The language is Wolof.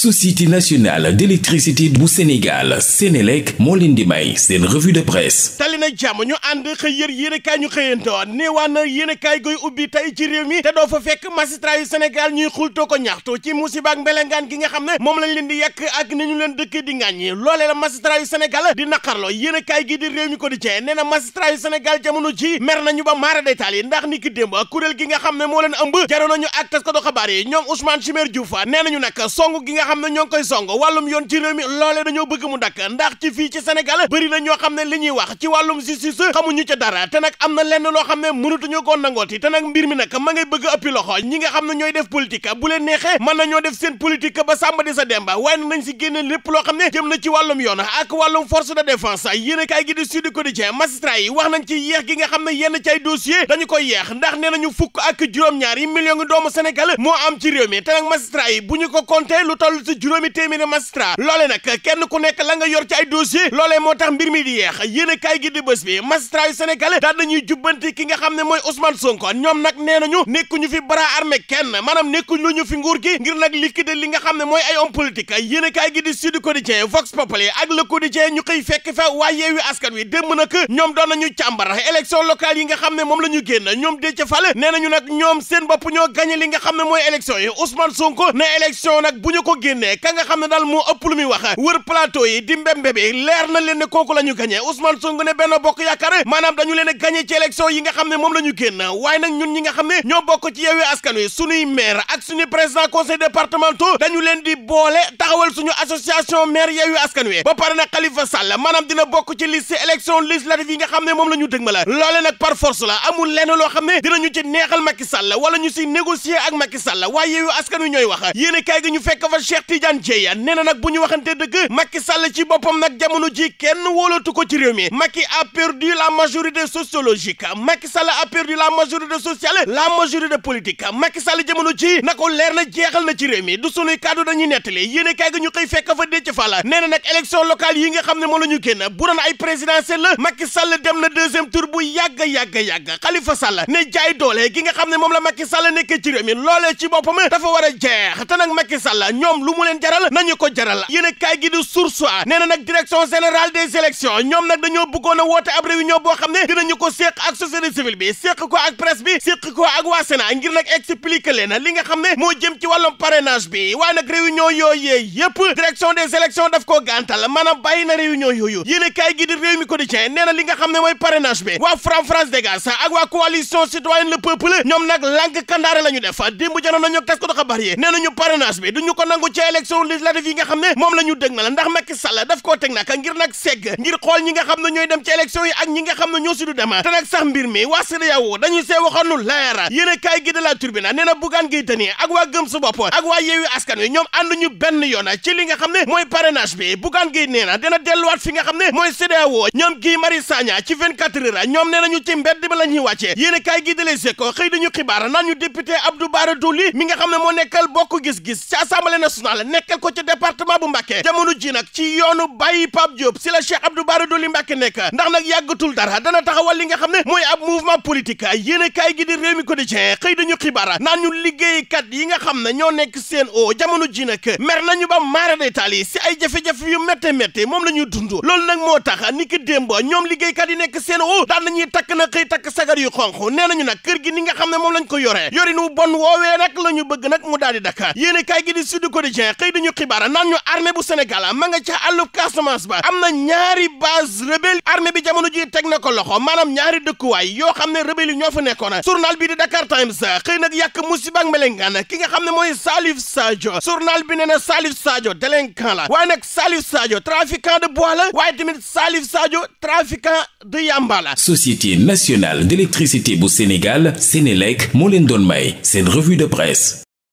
société nationale d'électricité bu Sénégal Sénélec moo leen di may seen revue de presse tali nag jàmm ñu ànd xëy yër yéenekaay ñu xëyantoo neewaan na yéenekaay goy ubbi tey ci réew mi te doo fa fekk magistrat Sénégal ñuy xultoo ko ñaxtu ci musiba mbelengaan gi nga xam ne moom lañ leen di yàq ak ni leen dëkk di ngàññi loolee la magistrat Sénégal di naqarloo yéenekaay gi di réew mi ko di cee nee na magistrat Sénégal jamono ji mer nañu xam ne ñoo ngi koy song wàllum yoon ci réew mi loolee dañoo bëgg mu dakk ndax ci fii ci Sénégal bëri na ñoo xam ne li ñuy wax ci wàllum justice xamuñu ca dara te nag am na lenn loo xam ne ko koo nangooti te nag mbir mi nag ma ngay bëgg ëppi loxo ñi nga xam ne ñooy def politique bu leen neexee mën nañoo def seen politique ba sàmba di sa demba waaye nag nañ si génne lépp loo xam ne jëm na ci wàllum yoon ak wàllum force de défense yéen kaay gi di Sud Quotidien wax nañ ci yeex gi nga xam ne yenn ci ay dossier dañu koy yeex ndax nee nañu fukk ak juróom-ñaar yi doomu Sénégal moo am ci réew mi te nag yi bu ñu ko compté lu toll matul si juróomi téeméeri magistrat loole nag kenn ku nekk la nga yor ci ay dossier loolee moo tax mbir mi di yeex yéen a kaay gi di bés bi magistrat yu sénégalais daal ñuy jubbanti ki nga xam ne mooy Ousmane Sonko ñoom nag nee nañu nekkuñu fi bara armé kenn maanaam nekkuñ lu ñu fi nguur gi ngir nag liquider li nga xam ne mooy ay homme politique yéen a kaay gi di Sud Quotidien Vox Populi ak Le Quotidien ñu xëy fekk fa waa Yewwi Askan Wi démb nag ñoom doon nañu càmbar élection locale yi nga xam ne moom la ñu génn ñoom Déthié Fall nee nañu nag ñoom seen bopp ñoo gagné li nga xam ne mooy élection yi Ousmane Sonko ne élection nag bu ñu génnee ka nga xam ne daal moo ëpp lu muy wax wër plateau yi di mbembe bi leer na leen ne kooku la ñu gañe Ousmane Sonko ne benn bokk yaakaar maanaam dañu leen gañe ci élection yi nga xam ne moom la ñu génn waaye nag ñun ñi nga xam ne ñoo bokk ci Yewwi Askan Wi suñuy maire ak suñu président conseil départemental dañu leen di boole taxawal suñu association maire Yewwi Askan Wi ba pare nag Khalifa Sall dina bokk ci liste ma la la amul lenn ci neexal Macky Sall wala ñu si a kaay gi Cheikh Tidiane Dieye nee na nag bu ñu waxante dëgg Macky sàll ci boppam nag jamono ji kenn wóolatu ko ci réew mi Macky a perdu la majorité sociologique Macky Sall a perdu la majorité sociale la majorité politique Macky Sall jamono ji na ko leer na jeexal na ci réew mi du sunuy kàddu dañuy nettali yéene kaay gi ñu xëy fekk fa Déthié Fall nee na nag élection locale yi nga xam ne moo la ñu génn bu doon ay présidentielle la Macky dem na deuxième tour bu yàgg yàgg yàgg Khalifa Sall ne jaay doole gi nga xam ne moom la Macky Sall nekkee ci réew mi loolee ci boppam a jeex ñoom lu mu leen jaral nañu ko jaral yéen kaay gi di Source A nee na nag direction générale des élections ñoom nag dañoo bëggoon a woote ab réunion boo xam ne dinañu ko séq ak société civile bi séq ko ak presse bi séq ko ak waa Sénat ngir nag expliquer leen li nga xam ne moo jëm ci wàllum parrainage bi waaye nag réunion yooyee yépp direction des élections daf koo gàntal na réunion yooyu yéen kaay gi di réew mi quotidien nee na li nga xam ne mooy parrainage bi waa France France Dégage ak waa coalition citoyenne le peuple ñoom nag lànk kandaare la ñu def démb janoon nañu tas ko do xabaar ca élection législative yi nga xam ne moom la ñu dëg la ndax Macky Sall daf koo teg naka ngir nag segg ngir xool ñi nga xam ne ñooy dem ci élection yi ak ñi nga xam ne ñoo si du dema te nag sax mbir mi waa CEDEAO dañu see waxoon lu leer yéen a kaay gi de la Tribune na Bougane Gueye Dany ak waa gëm sa bopp ak waa Yewwi Askan Wi ñoom ànduñu benn yoon ci li nga xam ne mooy parrainage bi Bougane Gueye nee na dina delluwaat fi nga xam ne a kaay Fall nekkal ko ci département bu Mbacké jamono ji nag ci yoonu bàyyi Pape Diop si la Cheikh Abdou Bara Dolly Mbacké nekk ndax nag yàggatul dara dana taxawal li nga xam ne mooy ab mouvement politique yéen a kaay gi di Rewmi Quotidien xëy dañu xibaar naan ñu liggéeykat yi nga xam ne ñoo nekk seen o jamono ji nag mer ñu ba maara day taali si ay jafe-jafe yu métte métte moom la ñuy dund loolu nag moo tax ni ki démb ñoom liggéeykat yi nekk seen o daan nañuy takk na xëy takk sagar yu xonq nee nañu nag kër gi ni nga xam ne moom lañ ko yoree yorinu bon woowee nag la bëgg nag mu daal di dakk yéen a gi di Sud Quotidien Quotidien xëy dañu xibaara naan ñu armée bu Sénégal ma nga ca àllub Casamance ba am na ñaari base rebelle armée bi jamono ji teg na ko loxo maanaam ñaari dëkkuwaay yoo xam ne rebelle ñoo fa nekkoon journal bii di Dakar Times xëy nag yàq musiba ak melengaan ki nga xam ne mooy Salif Sadio journal bi ne na Salif Sadio délinquant la waaye nag Salif Sadio trafiquant de bois la waaye tamit Salif Sadio trafiquant de yamba la Société nationale d'électricité bu Sénégal Sénélec moo leen doon may seen revue de